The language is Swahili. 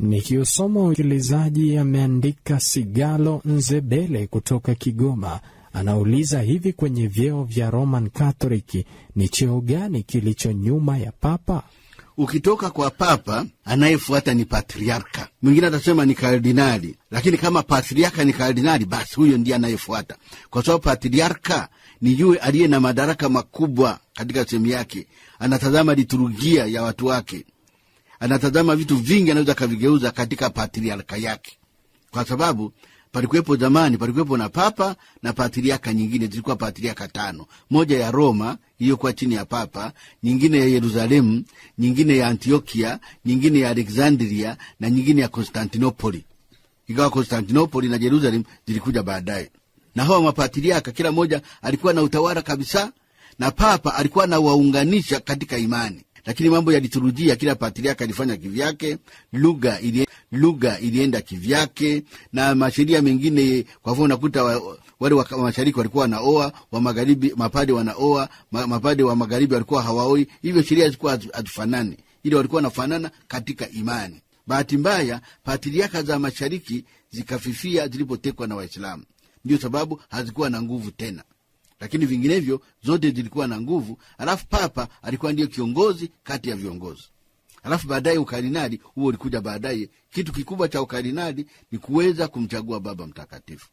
Nikiusoma wakilizaji ameandika Sigalo Nzebele kutoka Kigoma, anauliza hivi, kwenye vyeo vya Roman Catholic ni cheo gani kilicho nyuma ya papa? Ukitoka kwa papa, anayefuata ni patriarka. Mwingine atasema ni kardinali, lakini kama patriarka ni kardinali, basi huyo ndiye anayefuata, kwa sababu patriarka ni yule aliye na madaraka makubwa katika sehemu yake, anatazama liturugia ya watu wake, anatazama vitu vingi, anaweza akavigeuza katika patriarka yake, kwa sababu palikuwepo zamani, palikuwepo na papa na patriaka nyingine, zilikuwa patriaka tano, moja ya Roma iliyokuwa chini ya papa, nyingine ya Yerusalemu, nyingine ya Antiokia, nyingine ya Alexandria na nyingine ya Konstantinopoli. Ikawa Konstantinopoli na Jerusalemu zilikuja baadaye, na hawa mapatriaka kila moja alikuwa na utawala kabisa, na papa alikuwa anawaunganisha katika imani lakini mambo yaliturujia kila patriaka alifanya kivyake, lugha ili lugha ilienda kivyake na masheria mengine. Kwa hivyo unakuta wa, wale wa mashariki walikuwa wanaoa, wa magharibi mapade wanaoa, ma, mapade wa magharibi walikuwa hawaoi, hivyo sheria zilikuwa hatufanani, ili walikuwa wanafanana katika imani. Bahati mbaya patriaka za mashariki zikafifia zilipotekwa na Waislamu, ndio sababu hazikuwa na nguvu tena lakini vinginevyo zote zilikuwa na nguvu. Alafu papa alikuwa ndiyo kiongozi kati ya viongozi, alafu baadaye ukardinali huo ulikuja baadaye. Kitu kikubwa cha ukardinali ni kuweza kumchagua Baba Mtakatifu.